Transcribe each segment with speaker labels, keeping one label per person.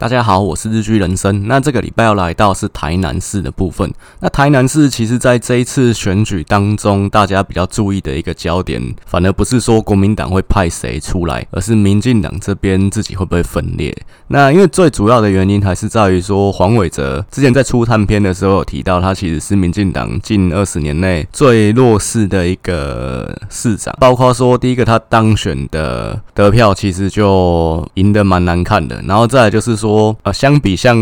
Speaker 1: 大家好，我是日居人生。那這個禮拜要來到是台南市的部分。那台南市其實在這一次選舉當中，大家比較注意的一個焦點，反而不是說國民黨會派誰出來，而是民進黨這邊自己會不會分裂。那因為最主要的原因還是在於說，黃偉哲之前在初探篇的時候有提到，他其實是民進黨近二十年內最弱勢的一個市長，包括說第一個他當選的得票其實就贏得蠻難看的，然後再來就是說。說、呃、啊，相比，像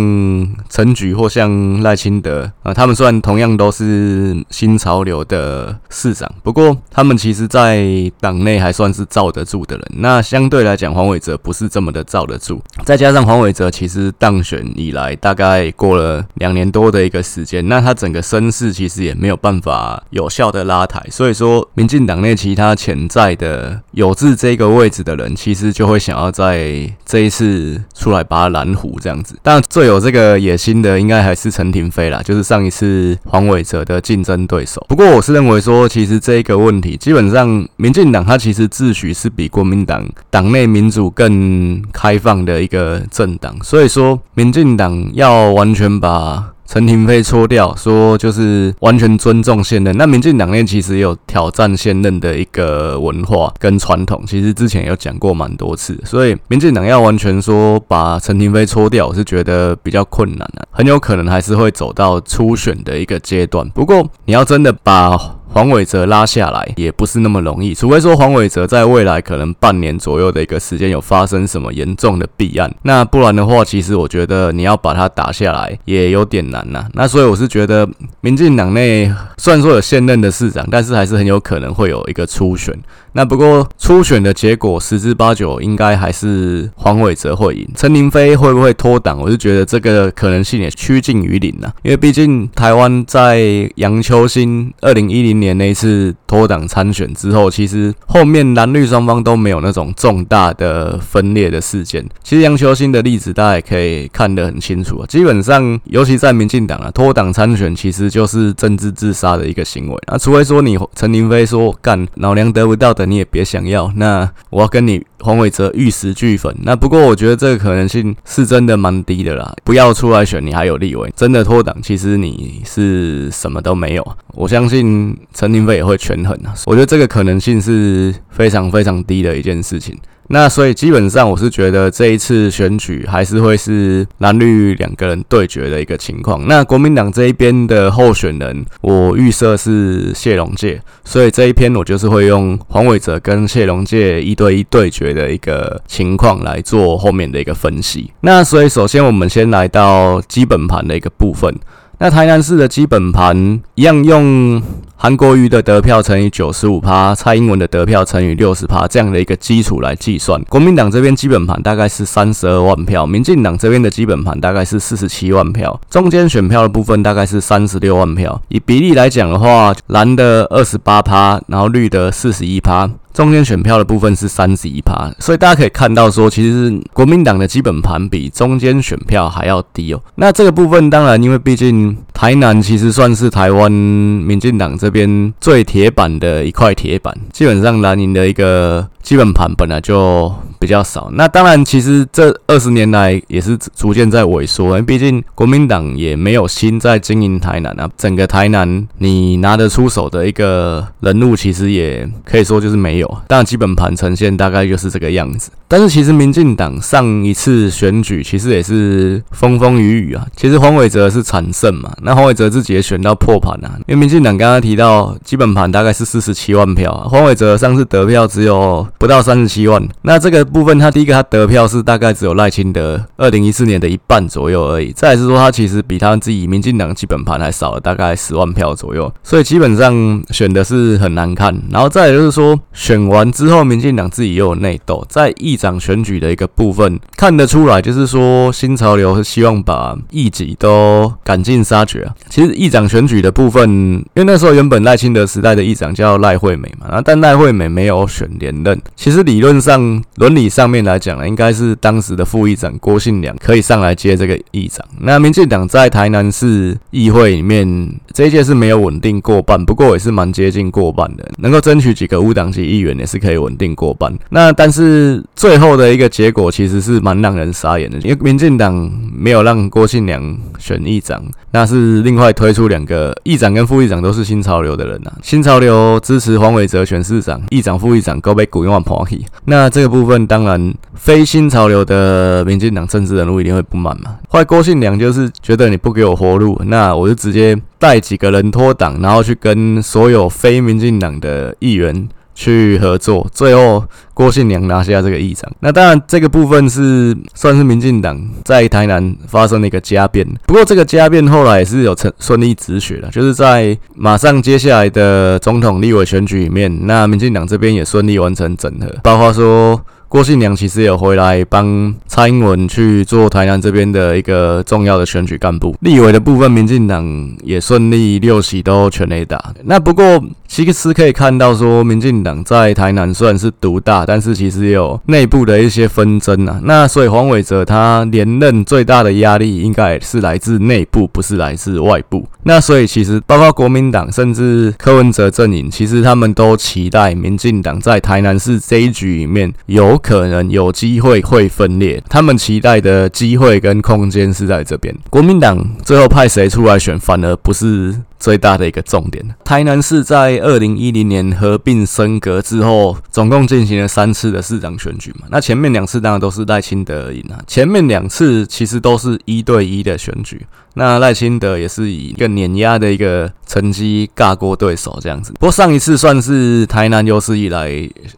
Speaker 1: 陳菊或像賴清德啊、呃，他們算同樣都是新潮流的市長，不過他們其實在黨內還算是罩得住的人。那相對來講，黃偉哲不是這麼的罩得住。再加上黃偉哲其實當選以來，大概過了兩年多的一個時間，那他整個聲勢其實也沒有辦法有效的拉抬。所以說，民進黨內其他潛在的有志這個位置的人，其實就會想要在這一次出來把他攔湖這樣子，但最有這個野心的應該還是陳亭妃啦，就是上一次黃偉哲的競爭對手。不過我是認為說，其實這一個問題，基本上民進黨它其實自詡是比國民黨黨內民主更開放的一個政黨，所以說民進黨要完全把。陳亭妃搓掉，說就是完全尊重現任。那民進黨內其實也有挑戰現任的一個文化跟傳統，其實之前也有講過蠻多次。所以民進黨要完全說把陳亭妃搓掉，我是覺得比較困難的、啊，很有可能還是會走到初選的一個階段。不過你要真的把。黃偉哲拉下來也不是那麼容易，除非說黃偉哲在未來可能半年左右的一個時間有發生什麼嚴重的弊案，那不然的話，其實我覺得你要把他打下來也有點難吶、啊。那所以我是覺得，民進黨內雖然說有現任的市長，但是還是很有可能會有一個初選。那不過初選的結果十之八九應該還是黃偉哲會贏，陳亭妃會不會脫黨，我是覺得這個可能性也趨近於零吶，因為畢竟台灣在楊秋興二零一零。年那一次脫黨參選之後，其實後面藍綠雙方都沒有那種重大的分裂的事件。其實楊秋興的例子，大家也可以看得很清楚啊。基本上，尤其在民進黨啊，脫黨參選其實就是政治自殺的一個行為。啊，除非說你陳亭妃說幹老娘得不到的，你也別想要。那我要跟你。黃偉哲玉石俱焚，那不過我覺得這個可能性是真的蠻低的啦。不要出來選，你還有立委，真的脫黨，其實你是什麼都沒有。我相信陳亭妃也會權衡啊，我覺得這個可能性是非常非常低的一件事情。那所以基本上我是覺得這一次選舉還是會是藍綠兩個人對決的一個情況。那國民黨這一邊的候選人，我預設是謝龍介，所以這一篇我就是會用黃偉哲跟謝龍介一對一對決的一個情況來做後面的一個分析。那所以首先我們先來到基本盤的一個部分。那台南市的基本盤一樣用韓國瑜的得票乘以九十五趴，蔡英文的得票乘以六十趴這樣的一個基礎來計算。國民黨這邊基本盤大概是三十二萬票，民進黨這邊的基本盤大概是四十七萬票，中間選票的部分大概是三十六萬票。以比例來講的話，藍的二十八趴，然後綠的四十一趴，中間選票的部分是三十一趴，所以大家可以看到說，其實國民黨的基本盤比中間選票還要低哦、喔。那這個部分當然，因為畢竟。台南其實算是台灣民進黨這邊最鐵板的一塊鐵板，基本上藍營的一個基本盤本來就比較少。那當然，其實這二十年來也是逐漸在萎縮，因為畢竟國民黨也沒有心在經營台南啊。整個台南你拿得出手的一個人物，其實也可以說就是沒有。但基本盤呈現大概就是這個樣子。但是其實民進黨上一次選舉其實也是風風雨雨啊。其實黃偉哲是慘勝嘛。那黃偉哲自己也選到破盤啊，因為民進黨剛剛提到基本盤大概是四十七萬票，啊，黃偉哲上次得票只有不到三十七萬。那這個部分，他第一個他得票是大概只有賴清德二零一四年的一半左右而已，再來是說他其實比他自己民進黨基本盤還少了大概十萬票左右，所以基本上選的是很難看。然後再來就是說選完之後，民進黨自己又有內鬥，在議長選舉的一個部分看得出來，就是說新潮流是希望把異己都趕盡殺絕。其實議長選舉的部分，因為那時候原本賴清德時代的議長叫賴惠美嘛，啊，但賴惠美沒有選連任。其實理論上、倫理上面來講，應該是當時的副議長郭信良可以上來接這個議長。那民進黨在台南市議會裡面這一屆是沒有穩定過半，不過也是蠻接近過半的，能夠爭取幾個無黨籍議員也是可以穩定過半。那但是最後的一個結果其實是蠻讓人傻眼的，因為民進黨沒有讓郭信良選議長，那是。是另外推出兩個議長跟副議長都是新潮流的人吶、啊，新潮流支持黃偉哲選市長，議長、副議長都被古玉旺拋棄。那這個部分當然非新潮流的民進黨政治人物一定會不滿嘛。壞郭信良就是覺得你不給我活路，那我就直接帶幾個人脫黨，然後去跟所有非民進黨的議員。去合作，最後郭信良拿下這個議長。那當然，這個部分是算是民進黨在台南發生了一個家變。不過，這個家變後來也是有成順利止血的，就是在馬上接下來的總統、立委選舉裡面，那民進黨這邊也順利完成整合。包括說，郭信良其實有回來幫蔡英文去做台南這邊的一個重要的選舉幹部。立委的部分，民進黨也順利六席都全壘打。那不過。其實可以看到，說民進黨在台南算是獨大，但是其實有內部的一些紛爭啊。那所以黃偉哲他連任最大的壓力，應該是來自內部，不是來自外部。那所以其實包括國民黨，甚至柯文哲陣營，其實他們都期待民進黨在台南市這一局裡面，有可能有機會會分裂。他們期待的機會跟空間是在這邊。國民黨最後派誰出來選，反而不是。最大的一個重點，台南市在二零一零年合併升格之後，總共進行了三次的市長選舉嘛。那前面兩次當然都是賴清德贏啊，前面兩次其實都是一對一的選舉，那賴清德也是以一個碾壓的一個成績尬過對手這樣子。不過上一次算是台南有史以來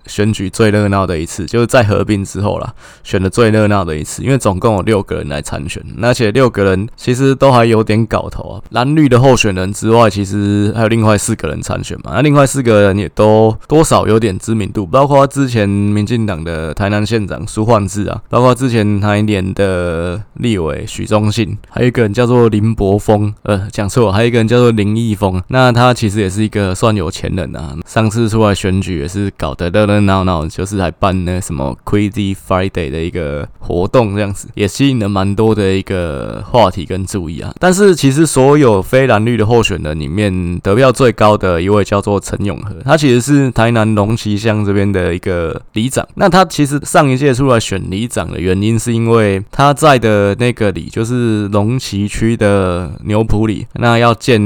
Speaker 1: 選舉最熱鬧的一次，就是在合併之後啦，選的最熱鬧的一次，因為總共有六個人來參選，而且六個人其實都還有點搞頭啊，藍綠的候選人之。之外，其實還有另外四個人參選嘛。那另外四個人也都多少有點知名度，包括之前民進黨的台南縣長蘇煥智啊，包括之前台聯的立委許忠信，還有一個人叫做林伯峰，呃，講錯了，還有一個人叫做林毅峰。那他其實也是一個算有錢人啊，上次出來選舉也是搞得熱熱鬧鬧，就是來辦那什麼 Crazy Friday 的一個活動這樣子，也吸引了蠻多的一個話題跟注意啊。但是其實所有非藍綠的候選人。那裡面得票最高的一位叫做陳永和，他其實是台南龍崎鄉這邊的一個里長。那他其實上一屆出來選里長的原因，是因為他在的那個里，就是龍崎區的牛埔里，那要建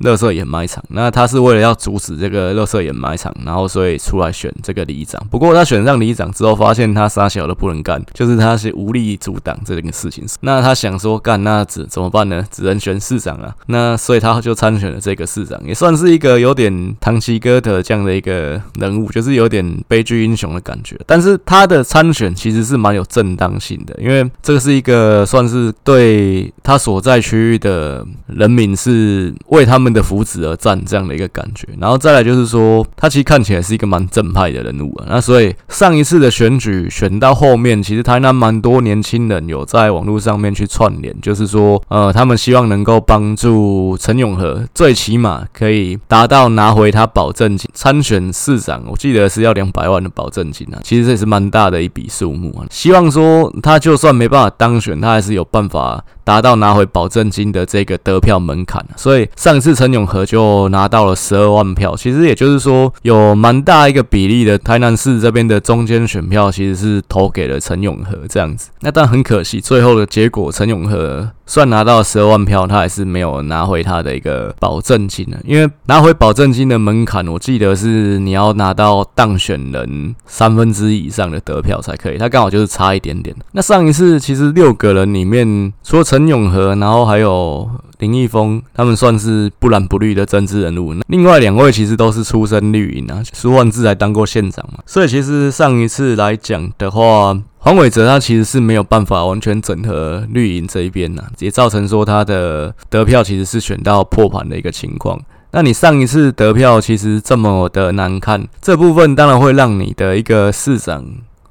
Speaker 1: 垃圾掩埋場，那他是為了要阻止這個垃圾掩埋場，然後所以出來選這個里長。不過他選上里長之後，發現他啥小的不能幹，就是他是無力阻擋這件事情。那他想說，幹，那只怎麼辦呢？只能選市長啊。那所以他就。參選的這個市長也算是一個有點唐吉訶德這樣的一個人物，就是有點悲劇英雄的感覺。但是他的參選其實是蠻有正當性的，因為這個是一個算是對他所在區域的人民是為他們的福祉而戰這樣的一個感覺。然後再來就是說，他其實看起來是一個蠻正派的人物。啊，那所以上一次的選舉選到後面，其實台南蠻多年輕人有在網絡上面去串聯，就是說，呃，他們希望能夠幫助陳永和。最起碼可以達到拿回他保證金。參選市長，我記得是要兩百萬的保證金啊，其實這也是蠻大的一筆數目啊。希望說他就算沒辦法當選，他還是有辦法拿到拿回保證金的這個得票門檻，所以上一次陳永和就拿到了十二萬票。其實也就是說，有蠻大一個比例的台南市這邊的中間選票，其實是投給了陳永和這樣子。那但很可惜，最後的結果，陳永和算拿到十二萬票，他還是沒有拿回他的一個保證金的。因為拿回保證金的門檻，我記得是你要拿到當選人三分之一以上的得票才可以。他剛好就是差一點點。那上一次其實六個人裡面，除了陳陳永和，然後還有林義峰，他們算是不藍不綠的政治人物。那另外兩位其實都是出身綠營啊，蘇煥智還當過縣長嘛。所以其實上一次來講的話，黃偉哲他其實是沒有辦法完全整合綠營這一邊吶、啊，也造成說他的得票其實是選到破盤的一個情況。那你上一次得票其實這麼的難看，這部分當然會讓你的一個市長。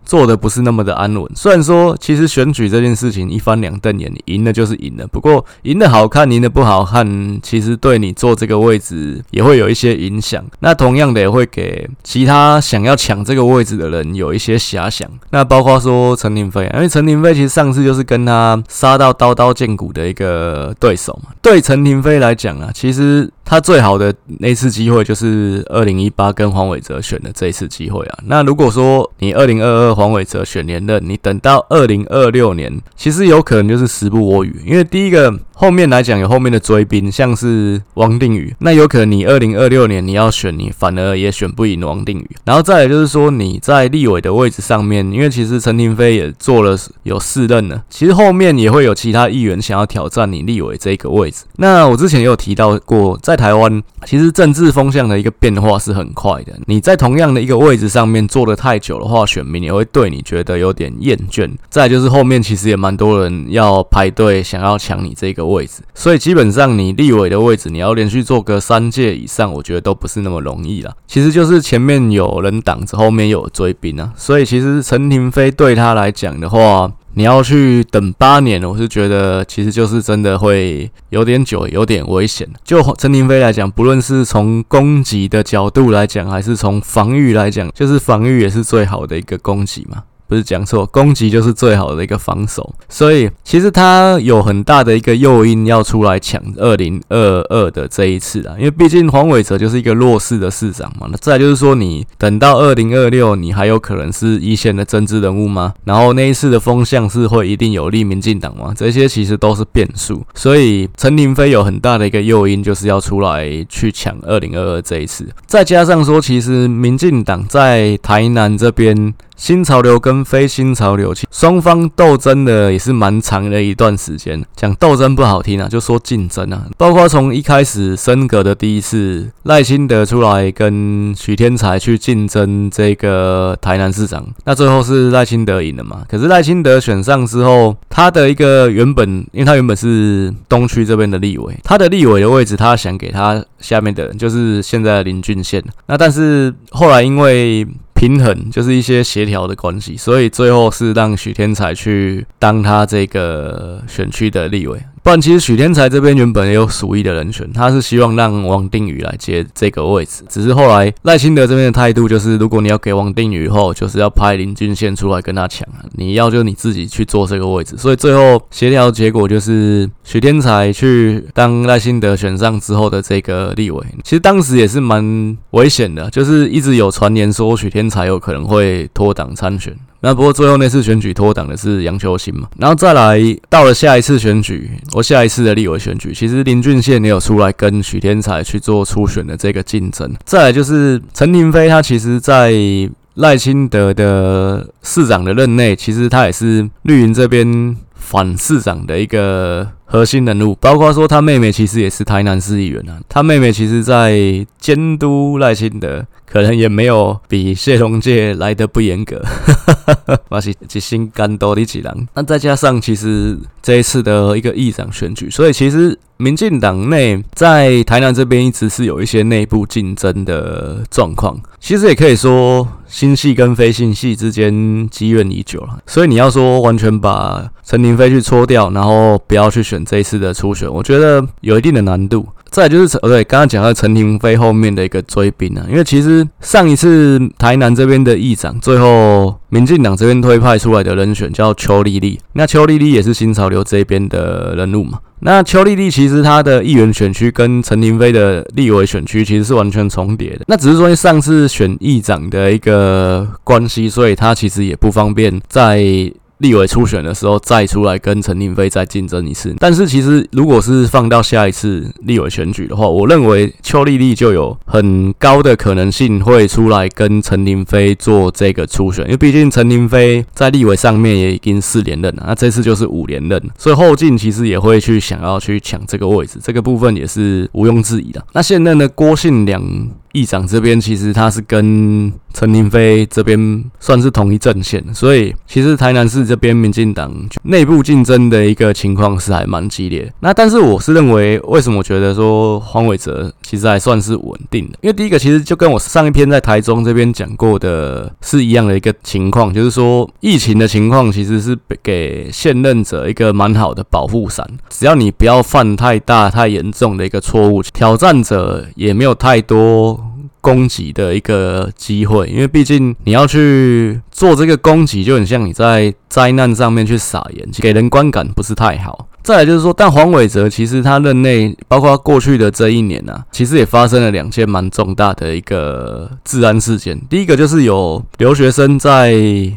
Speaker 1: 做的不是那麼的安穩。雖然說，其實選舉這件事情一翻兩瞪眼，你贏了就是贏了。不過，贏得好看，贏得不好看，其實對你坐這個位置也會有一些影響。那同樣的，也會給其他想要搶這個位置的人有一些遐想。那包括說陳亭妃、啊，因為陳亭妃其實上次就是跟他殺到刀刀見骨的一個對手嘛。對陳亭妃來講啊，其實他最好的那次機會就是二零一八跟黃偉哲選的這一次機會啊。那如果說你二零二二黃偉哲選連任，你等到二零二六年，其實有可能就是時不我與，因為第一個。後面來講有後面的追兵，像是王定宇，那有可能你二零二六年你要選你，反而也選不贏王定宇。然後再來就是說你在立委的位置上面，因為其實陳亭妃也做了有四任了，其實後面也會有其他議員想要挑戰你立委這個位置。那我之前也有提到過，在台灣其實政治風向的一個變化是很快的。你在同樣的一個位置上面坐得太久的話，選民也會對你覺得有點厭倦。再來就是後面其實也蠻多人要排隊想要搶你這個位置。位置，所以基本上你立委的位置，你要連續做個三屆以上，我覺得都不是那麼容易啦。其實就是前面有人擋着，後面又有追兵啊。所以其實陳亭妃對他來講的話，你要去等八年，我是覺得其實就是真的會有點久，有點危險。就陳亭妃來講，不論是從攻擊的角度來講，還是從防禦來講，就是防禦也是最好的一個攻擊嘛。不是講錯，攻擊就是最好的一個防守，所以其實他有很大的一個誘因要出來搶二零二二的這一次啊，因為畢竟黃偉哲就是一個弱勢的市長嘛。那再就是說，你等到二零二六，你還有可能是一線的政治人物嗎？然後那一次的風向是會一定有利民進黨嗎？這些其實都是變數，所以陳亭妃有很大的一個誘因就是要出來去搶二零二二這一次，再加上說，其實民進黨在台南這邊。新潮流跟非新潮流雙方鬥爭的也是蠻長的一段時間，講鬥爭不好聽啊，就說競爭啊。包括從一開始升格的第一次賴清德出來跟許添財去競爭這個台南市長，那最後是賴清德贏了嘛？可是賴清德選上之後，他的一個原本，因為他原本是東區這邊的立委，他的立委的位置他想給他下面的人，就是現在的林俊憲。那但是後來因為平衡就是一些協調的關係，所以最後是讓許天才去當他這個選區的立委。其實許天才這邊原本也有屬意的人選，他是希望讓王定宇來接這個位置，只是後來賴清德這邊的態度就是，如果你要給王定宇以後，就是要派林俊憲出來跟他搶，你要就你自己去做這個位置。所以最後協調結果就是許天才去當賴清德選上之後的這個立委。其實當時也是蠻危險的，就是一直有傳言說許天才有可能會脫黨參選。那不過最後那次選舉脫黨，的是楊秋興嘛，然後再來到了下一次選舉，我下一次的立委選舉，其實林俊憲也有出來跟許添財，去做初選的這個競爭。再來就是陳亭妃，他其實，在賴清德的市長的任內，其實他也是綠營這邊反市長的一個核心人物，包括說他妹妹其實也是台南市議員啊，他妹妹其實在監督賴清德。可能也沒有比謝龍介來得不 的不嚴格，哈哈哈，把心肝都一起扔。那再加上其實這一次的一個議長選舉，所以其實民進黨內在台南這邊一直是有一些內部競爭的狀況。其實也可以說新系跟非新系之間積怨已久了。所以你要說完全把陳亭妃去搓掉，然後不要去選這一次的初選，我覺得有一定的難度。再來就是陳，哦、對，剛剛講到陳亭妃後面的一個追兵啊，因為其實上一次台南這邊的議長，最後民進黨這邊推派出來的人選叫邱莉莉，那邱莉莉也是新潮流這邊的人物嘛。那邱莉莉其實她的議員選區跟陳亭妃的立委選區其實是完全重疊的，那只是說上次選議長的一個關係，所以她其實也不方便在立委初選的時候再出來跟陳亭妃再競爭一次，但是其實如果是放到下一次立委選舉的話，我認為邱莉莉就有很高的可能性會出來跟陳亭妃做這個初選，因為畢竟陳亭妃在立委上面也已經四連任，那這次就是五連任，所以後進其實也會去想要去搶這個位置，這個部分也是毋庸置疑的。那現任的郭信良。議長這邊其實他是跟陳亭妃這邊算是同一陣線，所以其實台南市這邊民進黨內部競爭的一個情況是還蠻激烈的。那但是我是認為，為什麼我覺得說黃偉哲其實還算是穩定的？因為第一個其實就跟我上一篇在台中這邊講過的是一樣的一個情況，就是說疫情的情況其實是給現任者一個蠻好的保護傘，只要你不要犯太大太嚴重的一個錯誤，挑戰者也沒有太多攻擊的一個機會，因為畢竟你要去做這個攻擊，就很像你在災難上面去撒鹽，給人觀感不是太好。再來就是說，但黃偉哲其實他任內，包括他過去的這一年啊，其實也發生了兩件蠻重大的一個治安事件。第一個就是有留學生在，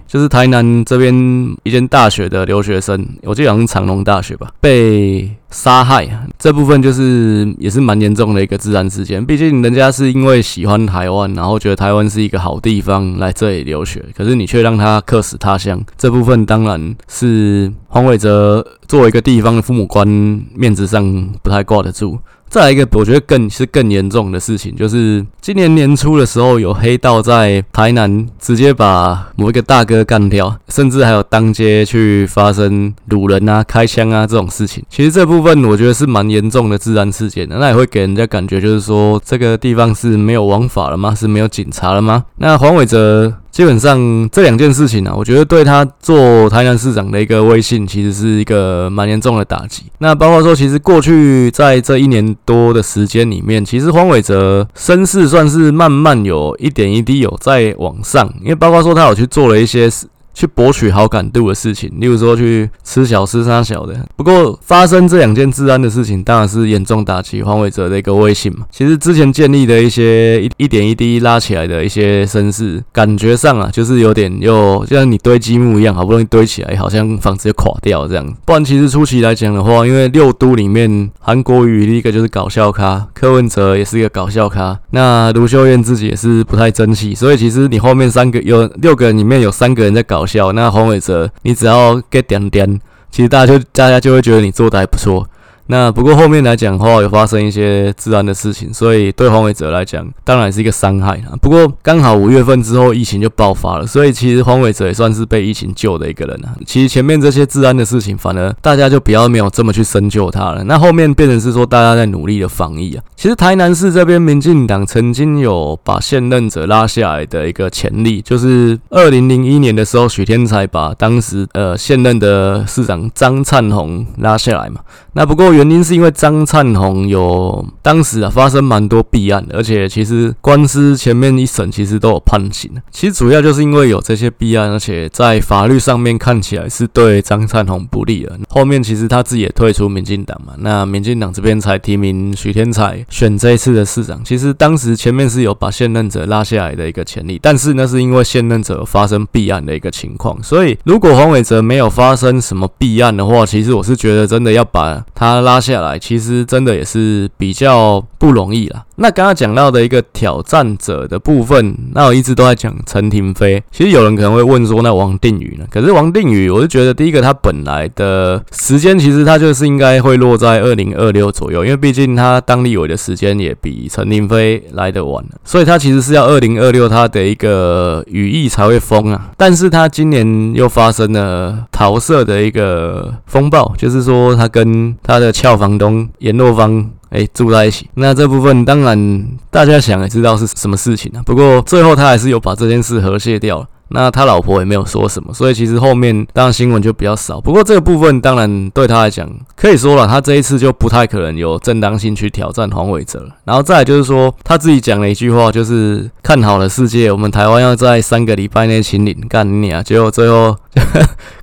Speaker 1: 就是台南這邊一間大學的留學生，我記得好像是長榮大學吧，被殺害，這部分就是也是蠻嚴重的一個自然事件，畢竟人家是因為喜歡台灣，然後覺得台灣是一個好地方，來這裡留學，可是你卻讓他客死他鄉，這部分當然是黃偉哲作為一個地方的父母官，面子上不太掛得住。再來一個，我覺得更是更嚴重的事情，就是今年年初的時候，有黑道在台南直接把某一個大哥幹掉，甚至還有當街去發生擄人啊、開槍啊這種事情。其實這部分我覺得是蠻嚴重的治安事件的，那也會給人家感覺就是說這個地方是沒有王法了嗎？是沒有警察了嗎？那黃偉哲。基本上這兩件事情啊，我覺得對他做台南市長的一個威信，其實是一個蠻嚴重的打擊。那包括說，其實過去在這一年多的時間裡面，其實黃偉哲聲勢算是慢慢有一點一滴有在往上，因為包括說他有去做了一些，去博取好感度的事情，例如說去吃小吃、撒小的。不過發生這兩件治安的事情，當然是嚴重打擊黃偉哲的一個威信嘛。其實之前建立的一些一,一點一滴拉起來的一些聲勢，感覺上啊，就是有點又像你堆積木一樣，好不容易堆起來，好像房子就垮掉這樣。不然其實初期來講的話，因為六都裡面韓國瑜一個就是搞笑咖，柯文哲也是一個搞笑咖，那盧秀燕自己也是不太爭氣，所以其實你後面三個有六個人裡面有三個人在搞，好笑，那黃偉哲，你只要給點點，其實大家就大家就會覺得你做得還不錯。那不過後面來講的話，有發生一些治安的事情，所以對黃偉哲來講當然是一個傷害啦。不過剛好五月份之後疫情就爆發了，所以其實黃偉哲也算是被疫情救的一個人啊。其實前面這些治安的事情，反而大家就比較沒有這麼去深究他了。那後面變成是說大家在努力的防疫啊。其實台南市這邊民進黨曾經有把現任者拉下來的一個潛力，就是二零零一年的時候，許添財把當時呃現任的市長張燦鴻拉下來嘛。那不過。原因是因為張燦鍙有當時啊發生蠻多弊案的，而且其實官司前面一審其實都有判刑。其實主要就是因為有這些弊案，而且在法律上面看起來是對張燦鍙不利的。後面其實他自己也退出民進黨嘛，那民進黨這邊才提名許添財選這一次的市長。其實當時前面是有把現任者拉下來的一個潛力，但是那是因為現任者發生弊案的一個情況。所以如果黃偉哲沒有發生什麼弊案的話，其實我是覺得真的要把他。拉下來，其實真的也是比較不容易啦。那剛剛講到的一個挑戰者的部分，那我一直都在講陳亭妃。其實有人可能會問說，那王定宇呢？可是王定宇，我是覺得第一個，他本來的時間其實他就是應該會落在二零二六左右，因為畢竟他當立委的時間也比陳亭妃來得晚，所以他其實是要二零二六他的一個羽翼才會豐啊。但是他今年又發生了桃色的一個風暴，就是說他跟他的。俏房東顏若芳，哎、欸，住在一起。那這部分當然大家想也知道是什麼事情啊。不過最後他還是有把這件事和解掉了。那他老婆也沒有說什麼，所以其實後面當然新聞就比較少。不過這個部分當然對他來講，可以說了，他這一次就不太可能有正當性去挑戰黃偉哲。然後再來就是說他自己講了一句話，就是看好了世界，我們台灣要在三個禮拜內清零，幹你啊！結果最後。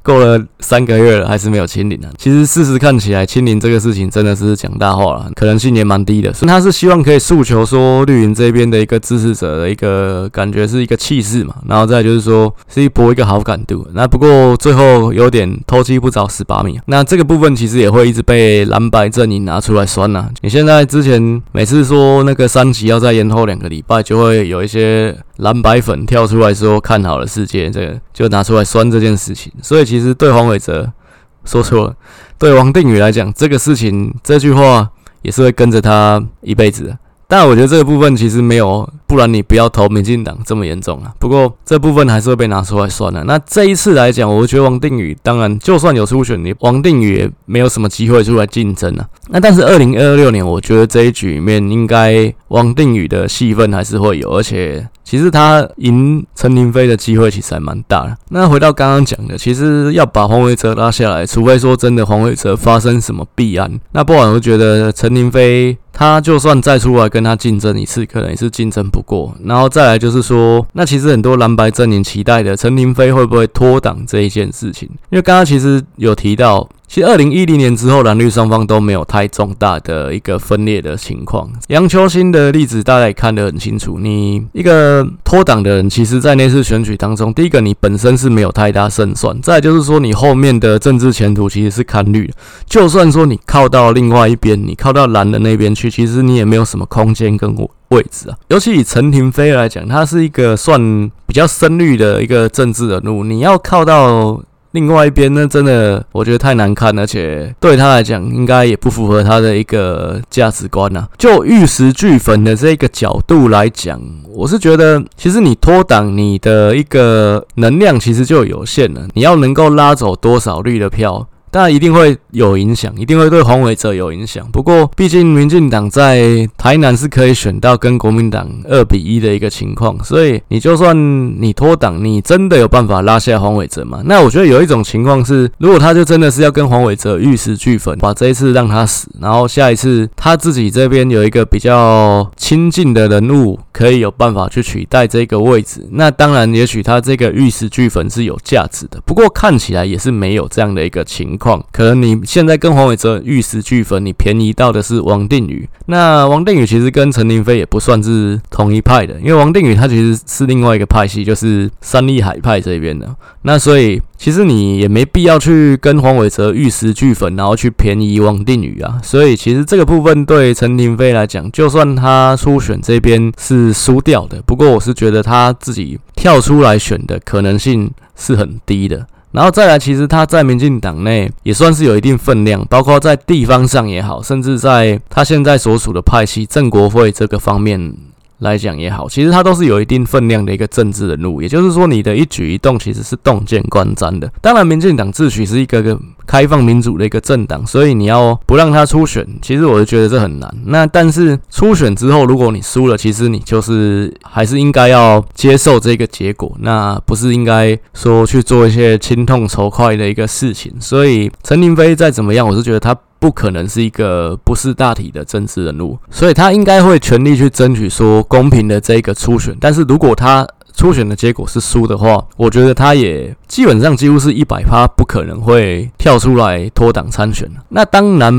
Speaker 1: 過了三個月了，還是沒有清零啊。其實事實看起來，清零這個事情真的是講大話了。可能性也蠻低的，所以他是希望可以訴求說綠營這邊的一個支持者的一個感覺是一個氣勢嘛，然後再就是說是一搏一個好感度。那不過最後有點偷雞不着蝕把米啊。那這個部分其實也會一直被藍白陣營拿出來酸吶啊。你現在之前每次說那個三級要再延後兩個禮拜，就會有一些。藍白粉跳出來說看好了世界，這個就拿出來酸這件事情。所以其實對黃偉哲說錯了，對王定宇來講，這個事情這句話也是會跟着他一輩子的。但我覺得這個部分其實沒有，不然你不要投民進黨這麼嚴重啊。不過這部分還是會被拿出來算了。那這一次來講，我覺得王定宇，當然就算有初選，你王定宇也沒有什麼機會出來競爭啊。那但是二零二六年，我覺得這一局裡面，應該王定宇的戲份還是會有，而且其實他贏陳亭妃的機會其實還蠻大的。那回到剛剛講的，其實要把黃偉哲拉下來，除非說真的黃偉哲發生什麼弊案。那不然我覺得陳亭妃他就算再出來跟他競爭一次，可能也是競爭不過。然後再來就是說，那其實很多藍白陣營期待的陳亭妃會不會脫黨這一件事情？因為剛剛其實有提到。其實二零一零年之後，藍綠雙方都沒有太重大的一個分裂的情況。楊秋興的例子大家也看得很清楚，你一個脫黨的人，其實在那次選舉當中，第一個你本身是沒有太大勝算，再就是說你後面的政治前途其實是看綠的。就算說你靠到另外一邊，你靠到藍的那邊去，其實你也沒有什麼空間跟位置啊。尤其以陳亭妃來講，他是一個算比較深綠的一個政治人物，你要靠到。另外一邊呢，真的我覺得太難看，而且對他來講，應該也不符合他的一個價值觀吶、啊。就玉石俱焚的這個角度來講，我是覺得，其實你脫黨，你的一個能量其實就有限了，你要能夠拉走多少綠的票。但一定會有影響，一定會對黃偉哲有影響。不過，畢竟民進黨在台南是可以選到跟國民黨二比一的一個情況，所以你就算你脫黨，你真的有辦法拉下黃偉哲嗎？那我覺得有一種情況是，如果他就真的是要跟黃偉哲玉石俱焚，把這一次讓他死，然後下一次他自己這邊有一個比較親近的人物，可以有辦法去取代這個位置。那當然，也許他這個玉石俱焚是有價值的，不過看起來也是沒有這樣的一個情況。況可能你現在跟黃偉哲玉石俱焚，你便宜到的是王定宇。那王定宇其實跟陳亭妃也不算是同一派的，因為王定宇他其實是另外一個派系，就是三立海派這邊的啊。那所以其實你也沒必要去跟黃偉哲玉石俱焚，然後去便宜王定宇啊。所以其實這個部分對陳亭妃來講，就算他初選這邊是輸掉的，不過我是覺得他自己跳出來選的可能性是很低的。然後再來，其實他在民進黨內也算是有一定分量，包括在地方上也好，甚至在他現在所屬的派系、正國會這個方面。來講也好，其實他都是有一定分量的一個政治人物，也就是說你的一舉一動其實是動見觀瞻的。當然，民進黨自詡是一個個開放民主的一個政黨，所以你要不讓他初選，其實我就覺得這很難。那但是初選之後，如果你輸了，其實你就是還是應該要接受這個結果，那不是應該說去做一些親痛仇快的一個事情。所以陳亭妃再怎麼樣，我是覺得他。不可能是一個不是大體的政治人物，所以他應該會全力去爭取說公平的這一個初選。但是如果他，初選的結果是輸的話，我覺得他也基本上幾乎是一百趴，不可能會跳出來脫黨參選、啊、那當然，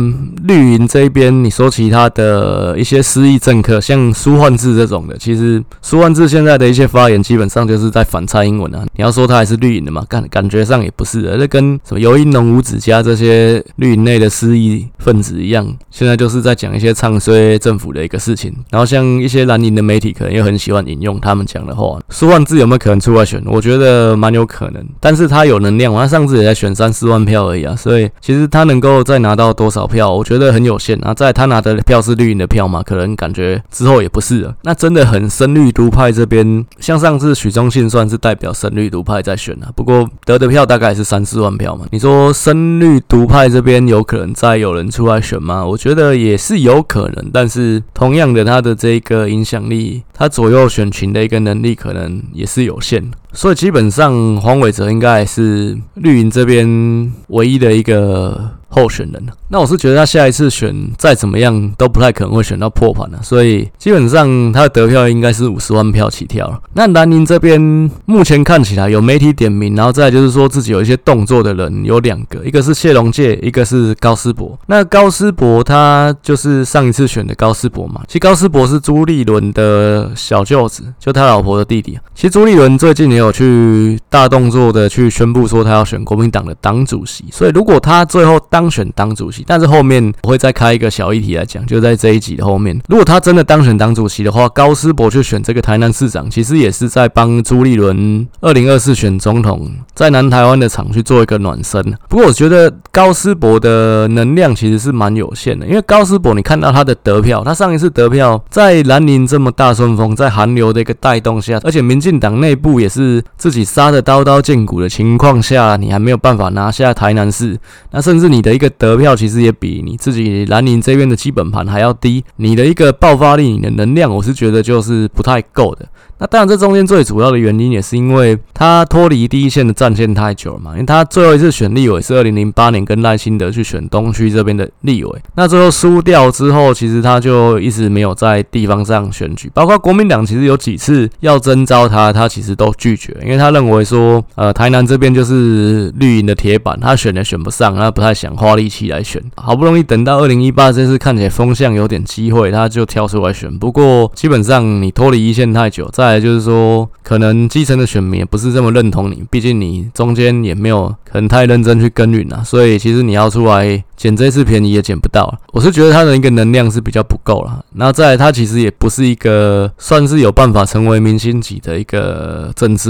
Speaker 1: 綠營這邊你說其他的一些失意政客，像蘇煥智這種的，其實蘇煥智現在的一些發言，基本上就是在反嗆英文啊。你要說他還是綠營的嘛？感感覺上也不是的，這跟什麼游盈隆、吳子嘉這些綠營內的失意分子一樣，現在就是在講一些唱衰政府的一個事情。然後像一些藍營的媒體，可能又很喜歡引用他們講的話萬字有沒有可能出來選？我覺得蠻有可能，但是他有能量嘛？他上次也在選三四萬票而已啊，所以其實他能夠再拿到多少票，我覺得很有限啊。在他拿的票是綠營的票嘛，可能感覺之後也不是了啊。那真的很深綠獨派這邊，像上次許忠信算是代表深綠獨派在選啊，不過得的票大概是三四萬票嘛。你說深綠獨派這邊有可能再有人出來選嗎？我覺得也是有可能，但是同樣的，他的這一個影響力。他左右選群的一個能力，可能也是有限的。所以基本上，黃偉哲應該是綠營這邊唯一的一個候選人、啊、那我是覺得他下一次選再怎麼樣都不太可能會選到破盤了。所以基本上他的得票應該是五十萬票起跳了、啊。那藍營這邊目前看起來有媒體點名，然後再就是說自己有一些動作的人有兩個，一個是謝龍介，一個是高思博。那高思博他就是上一次選的高思博嘛。其實高思博是朱立倫的小舅子，就他老婆的弟弟、啊。其實朱立倫最近也。有去大動作的去宣布說他要選國民黨的黨主席，所以如果他最後當選黨主席，但是後面我會再開一個小議題來講，就在這一集的後面，如果他真的當選黨主席的話，高思博就選這個臺南市長，其實也是在幫朱立倫二零二四選總統在南台灣的場去做一個暖身。不過我覺得高思博的能量其實是蠻有限的，因為高思博你看到他的得票，他上一次得票在藍營這麼大順風，在韓流的一個帶動下，而且民進黨內部也是。自己殺的刀刀見骨的情況下，你還沒有辦法拿下台南市，那甚至你的一個得票，其實也比你自己藍營這邊的基本盤還要低。你的一個爆發力，你的能量，我是覺得就是不太夠的。那當然，這中間最主要的原因也是因為他脫離第一線的戰線太久了嘛，因為他最後一次選立委是二零零八年跟賴清德去選東區這邊的立委，那最後輸掉之後，其實他就一直沒有在地方上選舉，包括國民黨其實有幾次要徵召他，他其實都拒絕。因為他認為說，呃，台南這邊就是綠營的鐵板，他選也選不上，他不太想花力氣來選。好不容易等到二零一八這次，看起來風向有點機會，他就跳出來選。不過基本上你脫離一線太久，再來就是說，可能基層的選民也不是這麼認同你，畢竟你中間也沒有很太認真去耕耘啊，所以其實你要出來撿這次便宜也撿不到啦。我是覺得他的一個能量是比較不夠了。那再來，他其實也不是一個算是有辦法成為明星級的一個政治。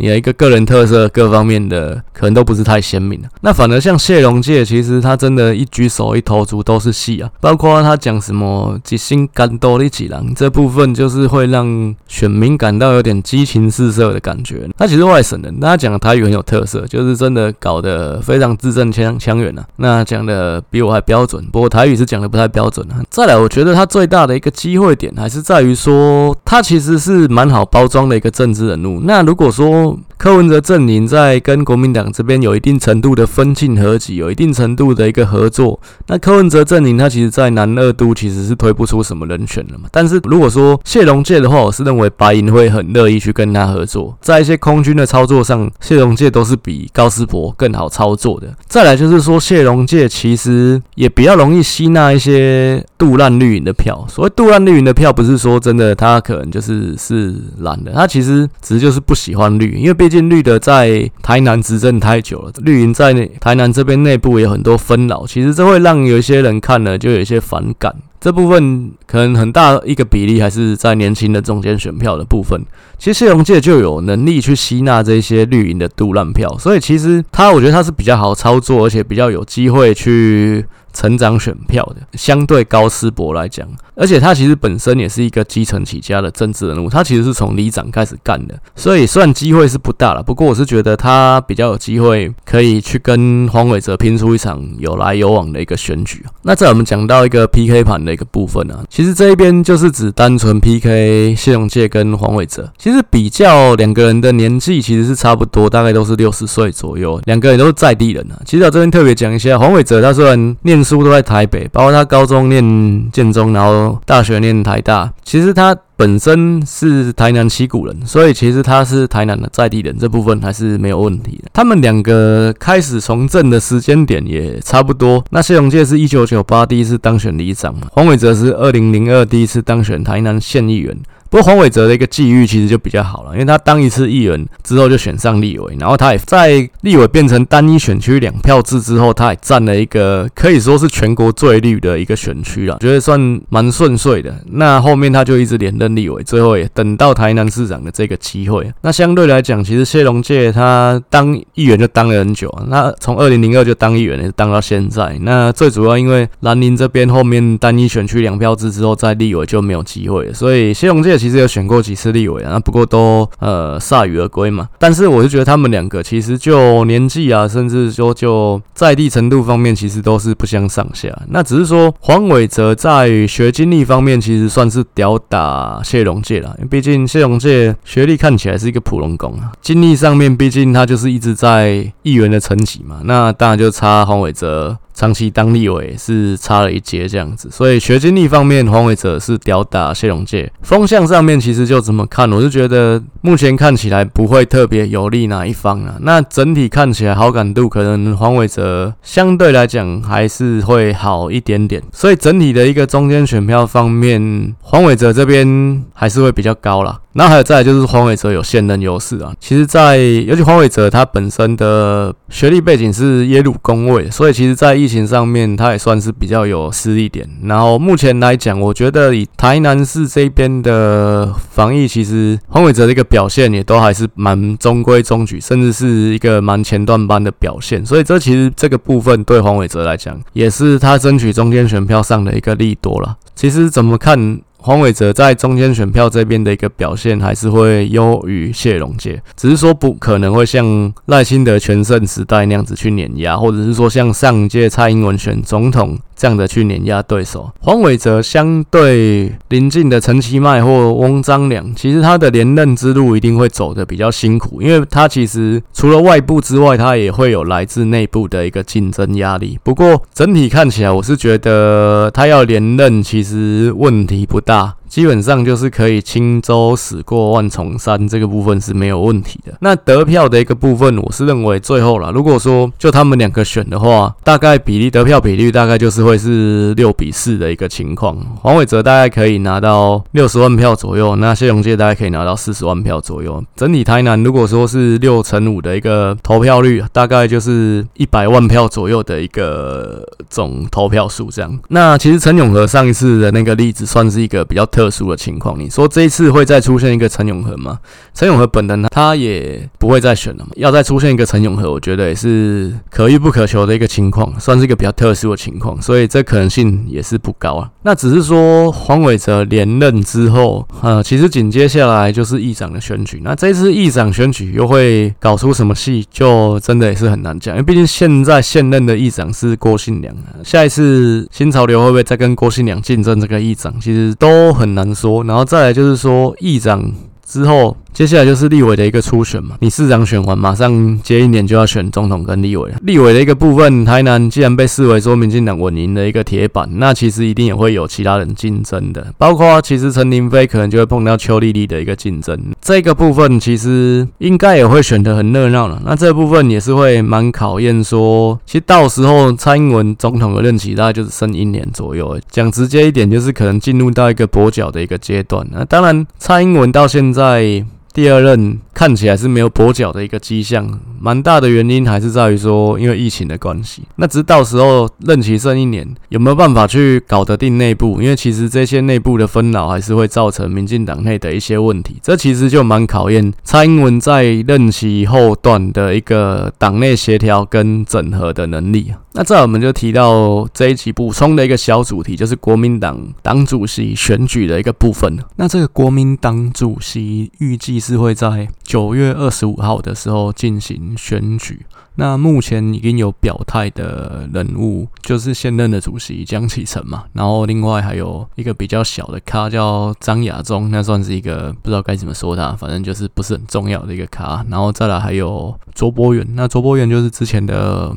Speaker 1: 你的一個個人特色，各方面的可能都不是太鮮明。那反而像謝龍介，其實他真的一舉手一投足都是戲啊，包括他講什麼“即興感動力的起郎”這部分，就是會讓選民感到有點激情四射的感覺。他其實外省人，他講台語很有特色，就是真的搞得非常字正腔腔圓了、啊。那講的比我還標準，不過台語是講的不太標準了、啊。再來，我覺得他最大的一個機會點還是在於說，他其實是蠻好包裝的一個政治人物。那如果說柯文哲陣營在跟國民黨這邊有一定程度的分進合擊，有一定程度的一個合作。那柯文哲陣營他其實，在南二都其實是推不出什麼人選的嘛。但是如果說謝龍介的話，我是認為白銀會很樂意去跟他合作，在一些空軍的操作上，謝龍介都是比高思博更好操作的。再來就是說，謝龍介其實也比較容易吸納一些度爛綠營的票。所謂度爛綠營的票，不是說真的他可能就是是藍的，他其實只是就是不喜歡綠營。因為畢竟綠的在台南執政太久了。綠營在台南這邊內部也有很多紛擾，其實這會讓有一些人看了就有一些反感。這部分可能很大一個比例還是在年輕的中間選票的部分。其實謝龍介就有能力去吸納這些綠營的賭爛票，所以其實他我覺得他是比較好操作，而且比較有機會去。成長選票的相對高斯伯來講，而且他其實本身也是一個基層起家的政治人物，他其實是從里長開始幹的，所以雖然機會是不大了。不過我是覺得他比較有機會可以去跟黃偉哲拼出一場有來有往的一個選舉，啊。那再來我們講到一個 P K 盤的一個部分啊，其實這一邊就是指單純 P K 謝龍介跟黃偉哲。其實比較兩個人的年紀其實是差不多，大概都是六十歲左右，兩個人都是在地人啊。其實我這邊特別講一下，黃偉哲他雖然念書都在台北，包括他高中念建中，然後大學念台大。其實他本身是台南七股人，所以其實他是台南的在地人，這部分還是沒有問題的。他們兩個開始從政的時間點也差不多。那謝龍介是一九九八第一次當選里長，黃偉哲是二零零二第一次當選台南縣議員。不過黃偉哲的一個際遇其實就比較好了，因為他當一次議員之後就選上立委，然後他也在立委變成單一選區兩票制之後，他也占了一個可以說是全國最綠的一個選區了，我覺得算蠻順遂的。那後面他就一直連任立委，最後也等到台南市長的這個機會啊。那相對來講，其實謝龍介他當議員就當了很久啊，那從二零零二就當議員，也是當到現在。那最主要因為藍營這邊後面單一選區兩票制之後，在立委就沒有機會，所以謝龍介。其實有選過幾次立委啊，不過都呃鎩羽而歸嘛。但是我就覺得他們兩個其實就年紀啊，甚至說就，就在地程度方面，其實都是不相上下。那只是說黃偉哲在學經歷方面，其實算是吊打謝龍介了，因為畢竟謝龍介學歷看起來是一個普龍工啊，經歷上面畢竟他就是一直在議員的層級嘛，那當然就差黃偉哲。長期當立委是差了一截這樣子，所以學經歷方面，黃偉哲是吊打謝龍介。風向上面其實就怎麼看，我就覺得目前看起來不會特別有利哪一方啊。那整體看起來好感度，可能黃偉哲相對來講還是會好一點點。所以整體的一個中間選票方面，黃偉哲這邊還是會比較高啦。那還有再來就是黃偉哲有現任優勢啊，其實在，在尤其黃偉哲他本身的學歷背景是耶魯公衛，所以其實在疫情上面他也算是比較有實力點。然後目前來講，我覺得以台南市這邊的防疫，其實黃偉哲的一個表現也都還是蠻中規中矩，甚至是一個蠻前段班的表現。所以這其實這個部分對黃偉哲來講，也是他爭取中間選票上的一個利多啦。其實怎麼看？黃偉哲在中間選票這邊的一個表現還是會優於謝龍介，只是說不可能會像賴清德全盛時代那樣子去碾壓，或者是說像上屆蔡英文選總統。這樣的去碾壓對手，黃偉哲相對臨近的陳其邁或翁章梁，其實他的連任之路一定會走得比較辛苦，因為他其實除了外部之外，他也會有來自內部的一個競爭壓力。不過整體看起來，我是覺得他要連任其實問題不大。基本上就是可以輕舟駛過萬重山，這個部分是沒有問題的。那得票的一個部分，我是認為最後啦，如果說就他們兩個選的話，大概比例得票比率大概就是會是六比四的一個情況。黃偉哲大概可以拿到六十萬票左右，那謝龍介大概可以拿到四十萬票左右。整體台南如果說是六成五的一個投票率，大概就是一百萬票左右的一個總投票數這樣。那其實陳永和上一次的那個例子算是一個比較特、特殊的情況，你說這一次會再出現一個陳永和嗎？陳永和本人呢，他也不會再選了嘛，要再出現一個陳永和，我覺得也是可遇不可求的一個情況，算是一個比較特殊的情況，所以這可能性也是不高啊。那只是說黃偉哲連任之後，呃，其實緊接下來就是議長的選舉，那這次議長選舉又會搞出什麼戲，就真的也是很難講，因為畢竟現在現任的議長是郭信良，下一次新潮流會不會再跟郭信良競爭這個議長，其實都很。難說，然後再來就是說，議長之後。接下來就是立委的一個初選嘛，你市長選完，馬上接一年就要選總統跟立委了。立委的一個部分，台南既然被視為說民進黨穩贏的一個鐵板，那其實一定也會有其他人競爭的。包括其實陳亭妃可能就會碰到邱莉莉的一個競爭，這個部分其實應該也會選得很熱鬧了。那這個部分也是會蠻考驗說，其實到時候蔡英文總統的任期大概就是剩一年左右、欸。講直接一點，就是可能進入到一個跛腳的一個階段。那當然，蔡英文到現在。第二任。看起來是沒有跛腳的一個跡象，蠻大的原因還是在於說，因為疫情的關係，那直到時候任期剩一年，有沒有辦法去搞得定內部？因為其實這些內部的紛擾還是會造成民進黨內的一些問題，這其實就蠻考驗蔡英文在任期後段的一個黨內協調跟整合的能力。那再我們就提到這一期補充的一個小主題，就是國民黨黨主席選舉的一個部分。那這個國民黨主席預計是會在。九月二十五號的時候進行選舉，那目前已經有表態的人物，就是現任的主席江啟臣嘛，然後另外還有一個比較小的咖叫張亞中，那算是一個不知道該怎麼說他，反正就是不是很重要的一個咖，然後再來還有卓伯源。那卓伯源就是之前的。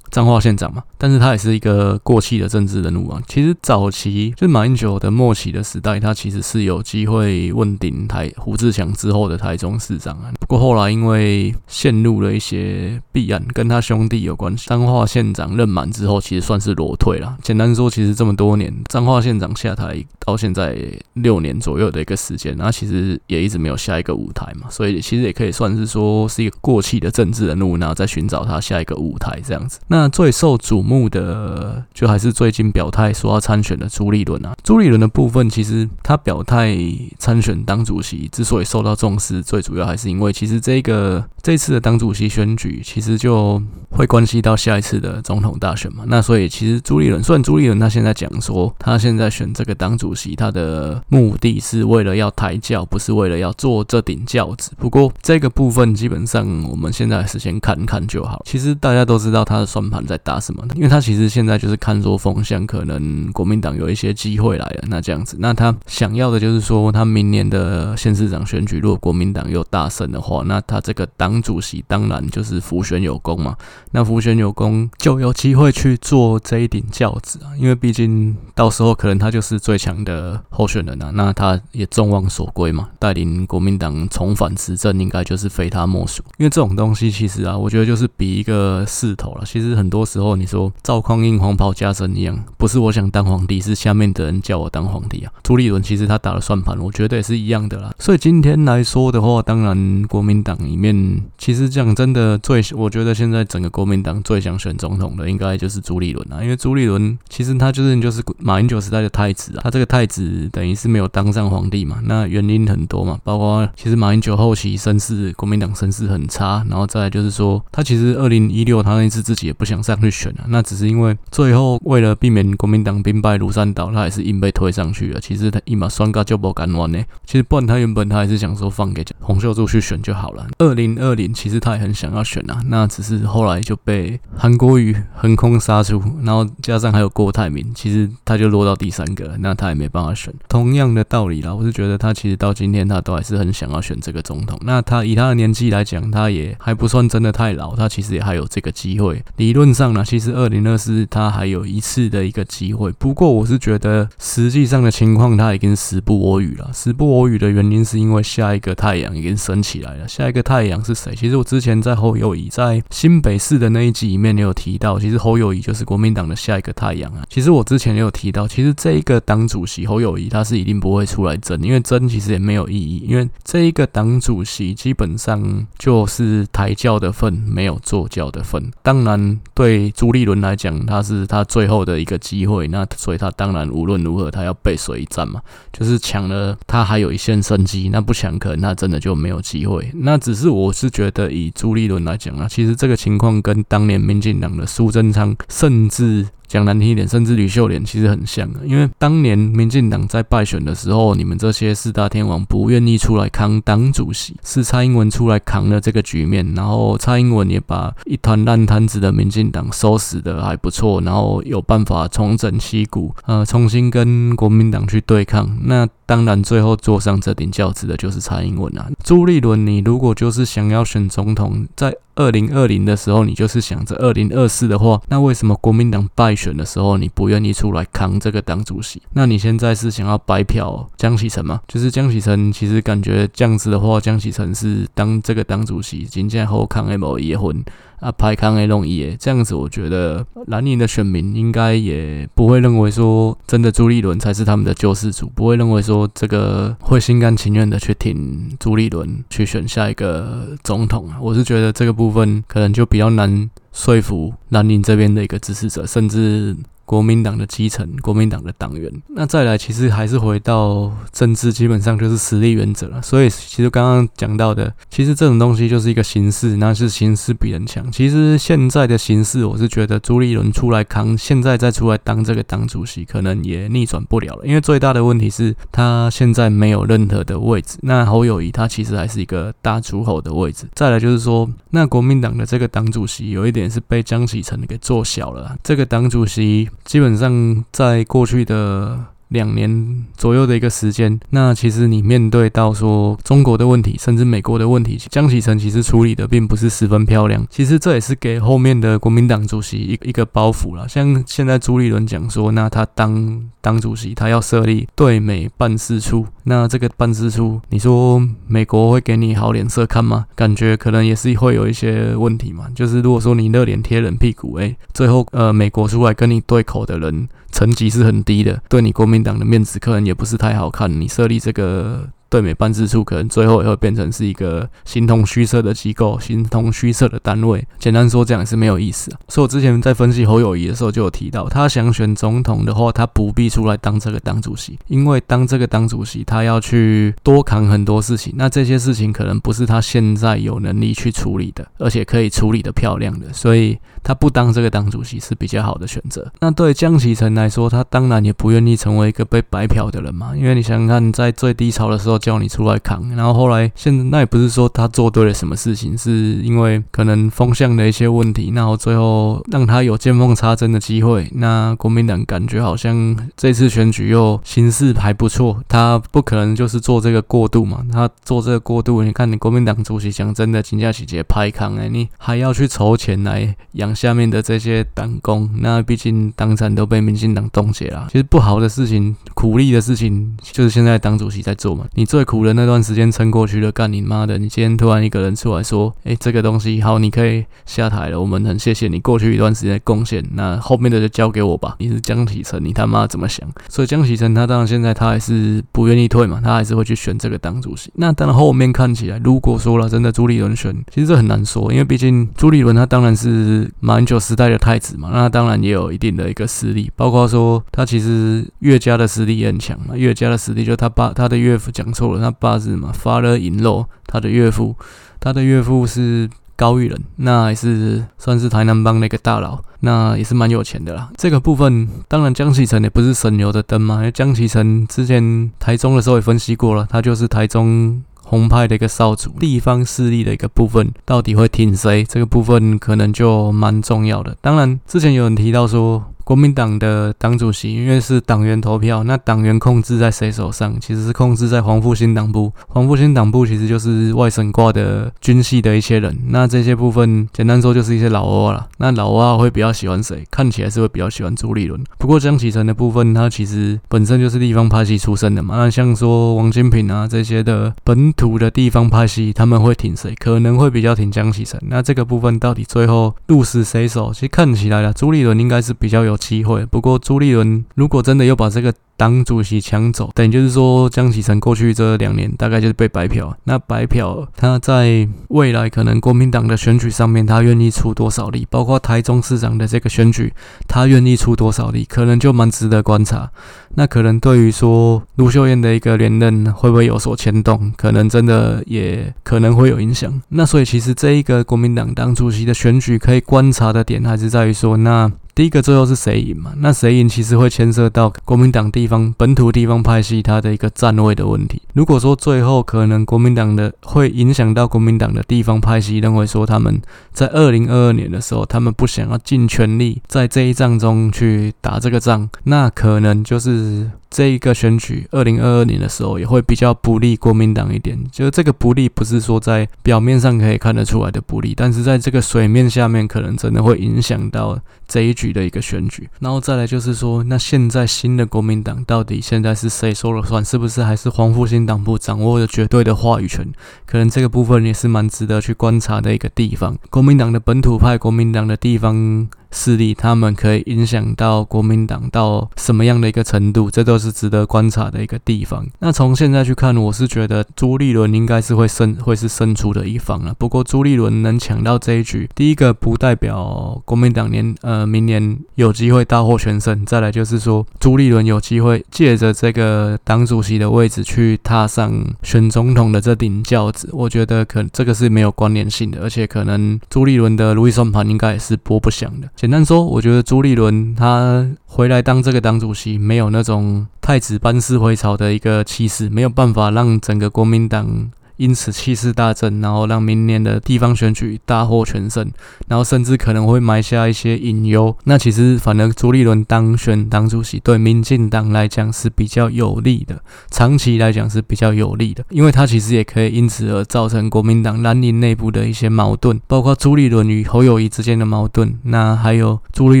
Speaker 1: 彰化縣長嘛，但是他也是一個過氣的政治人物啊。其實早期就是馬英九的末期的時代，他其實是有機會問鼎台，胡志強之後的台中市長啊。不過後來因為陷入了一些弊案，跟他兄弟有關係。彰化縣長任滿之後，其實算是裸退了。簡單說，其實這麼多年彰化縣長下台到現在六年左右的一個時間，那其實也一直沒有下一個舞台嘛。所以其實也可以算是說是一個過氣的政治人物，然後在尋找他下一個舞台這樣子。那那最受矚目的，就還是最近表態說要參選的朱立倫啊。朱立倫的部分，其實他表態參選當主席，之所以受到重視，最主要還是因為其實這個。這次的黨主席選舉，其實就會關係到下一次的總統大選嘛。那所以其實朱立倫，算朱立倫他現在講說他現在選這個黨主席，他的目的是為了要抬轎，不是為了要做這頂轎子。不過這個部分基本上我們現在是先看看就好。其實大家都知道他的算盤在打什麼，因為他其實現在就是看說風向，可能國民黨有一些機會來了。那這樣子，那他想要的就是說，他明年的縣市長選舉，如果國民黨又大勝的話，那他這個黨。主席當然就是輔選有功嘛，那輔選有功就有機會去做這一頂轎子啊，因為畢竟到時候可能他就是最強的候選人啊，那他也眾望所歸嘛，帶領國民黨重返執政應該就是非他莫屬。因為這種東西其實啊，我覺得就是比一個勢頭啦。其實很多時候你說趙匡胤黃袍加身一樣，不是我想當皇帝，是下面的人叫我當皇帝啊。朱立倫其實他打了算盤，我覺得也是一樣的啦。所以今天來說的話，當然國民黨裡面。其實講真的最，最我覺得現在整個國民黨最想選總統的，應該就是朱立倫啊。因為朱立倫其實他就是就是馬英九時代的太子啊。他這個太子等於是沒有當上皇帝嘛。那原因很多嘛，包括其實馬英九後期聲勢，國民黨聲勢很差。然後再來就是說，他其實二零一六他那一次自己也不想上去選啊。那只是因為最後為了避免國民黨兵敗如山倒，他還是硬被推上去了。其實他一馬酸咖就不敢玩呢？其實不然，他原本他還是想說放給洪秀柱去選就好了。二零二。二零其實他也很想要選啊，那只是後來就被韓國瑜橫空殺出，然後加上還有郭台銘，其實他就落到第三個，那他也沒辦法選。同樣的道理啦，我是覺得他其實到今天他都還是很想要選這個總統。那他以他的年紀來講，他也還不算真的太老，他其實也還有這個機會。理論上呢，其實二零二四他還有一次的一個機會。不過我是覺得實際上的情況他已經時不我與了。時不我與的原因是因為下一個太陽已經升起來了，下一個太陽是。其實我之前在侯友宜，在新北市的那一集裡面也有提到，其實侯友宜就是國民黨的下一個太陽啊。其實我之前也有提到，其實這一個黨主席侯友宜，他是一定不會出來爭，因為爭其實也沒有意義，因為這一個黨主席基本上就是抬轎的份，沒有坐轎的份。當然對朱立倫來講，他是他最後的一個機會，那所以他當然無論如何他要背水一戰嘛，就是搶了他還有一線生機，那不搶可能他真的就沒有機會。那只是我是。覺得以朱立倫來講啊，其實這個情況跟當年民進黨的蘇貞昌，甚至。講難聽一點，甚至呂秀蓮其實很像啊，因為當年民進黨在敗選的時候，你們這些四大天王不願意出來扛黨主席，是蔡英文出來扛了這個局面，然後蔡英文也把一團爛攤子的民進黨收拾的還不錯，然後有辦法重整旗鼓，呃，重新跟國民黨去對抗。那當然，最後坐上這頂轎子的就是蔡英文啊。朱立倫，你如果就是想要選總統，在二零二零的時候，你就是想着二零二四的話，那為什麼國民黨敗？選的時候，你不願意出來扛這個黨主席，那你現在是想要白嫖江啟臣嗎？就是江啟臣，其實感覺這樣子的話，江啟臣是當這個黨主席，緊接後和康愛某結婚啊，排康 o 龍一，這樣子，我覺得藍營的選民應該也不會認為說真的朱立倫才是他們的救世主，不會認為說這個會心甘情願的去挺朱立倫去選下一個總統啊。我是覺得這個部分可能就比較難。說服南寧這邊的一個支持者，甚至。國民黨的基層，國民黨的黨員，那再來，其實還是回到政治，基本上就是實力原則了。所以，其實剛剛講到的，其實這種東西就是一個形式，那是形式比人強。其實現在的形勢，我是覺得朱立倫出來扛，現在再出來當這個黨主席，可能也逆轉不了了，因為最大的問題是，他現在沒有任何的位置。那侯友宜他其實還是一個大諸侯的位置。再來就是說，那國民黨的這個黨主席有一點是被江啟臣給做小了，這個黨主席。基本上在過去的。兩年左右的一個時間，那其實你面對到說中國的問題，甚至美國的問題，江啟臣其實處理的並不是十分漂亮。其實這也是給後面的國民黨主席一一個包袱了。像現在朱立倫講說，那他當當主席，他要設立對美辦事處，那這個辦事處，你說美國會給你好臉色看嗎？感覺可能也是會有一些問題嘛。就是如果說你熱臉貼冷屁股，哎、欸，最後呃美國出來跟你對口的人，層級是很低的，對你國民。黨的面子，可能也不是太好看。你設立這個。對美辦事處，可能最後也會變成是一個形同虛設的機構，形同虛設的單位。簡單說，這樣也是沒有意思啊。所以我之前在分析侯友宜的時候，就有提到，他想選總統的話，他不必出來當這個黨主席，因為當這個黨主席，他要去多扛很多事情。那這些事情可能不是他現在有能力去處理的，而且可以處理得漂亮的。所以他不當這個黨主席是比較好的選擇。那對江啟臣來說，他當然也不願意成為一個被白嫖的人嘛，因為你想想看，在最低潮的時候。叫你出來扛，然後後來現在那也不是說他做對了什麼事情，是因為可能風向的一些問題，然後最後讓他有見縫插針的機會。那國民黨感覺好像這次選舉又形勢還不錯，他不可能就是做這個過渡嘛，他做這個過渡，你看你國民黨主席講真的，請假去節拍扛哎、欸，你還要去籌錢來養下面的這些黨工，那畢竟黨產都被民進黨凍結了，其實不好的事情、苦力的事情就是現在黨主席在做嘛，你。最苦的那段時間撐過去了，幹你媽的！你今天突然一個人出來說，哎、欸，這個東西好，你可以下台了，我們很謝謝你過去一段時間的貢獻，那後面的就交給我吧。你是江啟臣，你他媽怎麼想？所以江啟臣他當然現在他還是不願意退嘛，他還是會去選這個當主席。那當然後面看起來，如果說了真的，朱立倫選，其實這很難說，因為畢竟朱立倫他當然是馬英九時代的太子嘛，那他當然也有一定的一個實力，包括說他其實岳家的實力也很強嘛，岳家的實力就他爸他的岳父講。錯了，他八字嘛，Father in law。他的岳父，他的岳父是高育仁，那也是算是台南幫的一個大佬，那也是蠻有錢的啦。這個部分，當然江啟臣也不是省油的燈嘛，因為江啟臣之前台中的時候也分析過了，他就是台中紅派的一個少主，地方勢力的一個部分，到底會挺誰，這個部分可能就蠻重要的。當然，之前有人提到說。國民黨的黨主席，因為是黨員投票，那黨員控制在誰手上？其實是控制在黃復興黨部。黃復興黨部其實就是外省掛的軍系的一些人。那這些部分，簡單說就是一些老歐啦。那老歐、啊、會比較喜歡誰？看起來是會比較喜歡朱立倫。不過江啟臣的部分，他其實本身就是地方派系出身的嘛。那像說王金平啊這些的本土的地方派系，他們會挺誰？可能會比較挺江啟臣。那這個部分到底最後鹿死誰手？其實看起來啦，朱立倫應該是比較有機會。不過，朱立倫如果真的又把這個黨主席搶走，等於就是說，江啟臣過去這兩年大概就是被白嫖。那白嫖，他在未來可能國民黨的選舉上面，他願意出多少力，包括台中市長的這個選舉，他願意出多少力，可能就蠻值得觀察。那可能對於說盧秀燕的一個連任，會不會有所牽動，可能真的也可能會有影響。那所以，其實這一個國民黨黨主席的選舉，可以觀察的點還是在於說，那。第一個，最後是誰贏嘛？那誰贏其實會牽涉到國民黨地方本土地方派系它的一個站位的問題。如果說最後可能國民黨的會影響到國民黨的地方派系，認為說他們在二零二二年的時候，他們不想要盡全力在這一仗中去打這個仗，那可能就是。這一個選舉，二零二二年的時候也會比較不利國民黨一點。就是這個不利，不是說在表面上可以看得出來的不利，但是在這個水面下面，可能真的會影響到這一局的一個選舉。然後再來就是說，那現在新的國民黨到底現在是誰說了算？是不是還是黃復興黨部掌握着絕對的話語權？可能這個部分也是蠻值得去觀察的一個地方。國民黨的本土派，國民黨的地方勢力，他們可以影響到國民黨到什麼樣的一個程度，這都是值得觀察的一個地方。那從現在去看，我是覺得朱立倫應該是會勝，會是勝出的一方了。不過朱立倫能搶到這一局，第一個不代表國民黨年，呃，明年有機會大獲全勝。再來就是說，朱立倫有機會借着這個黨主席的位置去踏上選總統的這頂轎子。我覺得可這個是沒有關聯性的，而且可能朱立倫的如意算盤應該也是撥不響的。簡單說，我覺得朱立倫他回來當這個黨主席，沒有那種太子班師回朝的一個氣勢，沒有辦法讓整個國民黨，因此氣勢大振，然後讓明年的地方選舉大獲全勝，然後甚至可能會埋下一些隱憂。那其實，反而朱立倫當選黨主席對民進黨來講是比較有利的，長期來講是比較有利的，因為他其實也可以因此而造成國民黨藍營內部的一些矛盾，包括朱立倫與侯友宜之間的矛盾，那還有朱立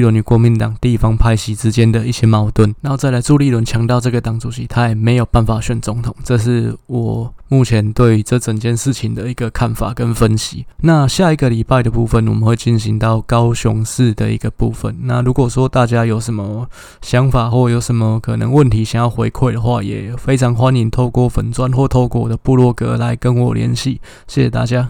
Speaker 1: 倫與國民黨地方派系之間的一些矛盾。然後再來，朱立倫強調這個黨主席，他也沒有辦法選總統，這是我目前對。這整件事情的一個看法跟分析。那下一個禮拜的部分，我們會進行到高雄市的一個部分。那如果說大家有什麼想法或有什麼可能問題想要回饋的話，也非常歡迎透過粉專或透過我的部落格來跟我聯繫。謝謝大家。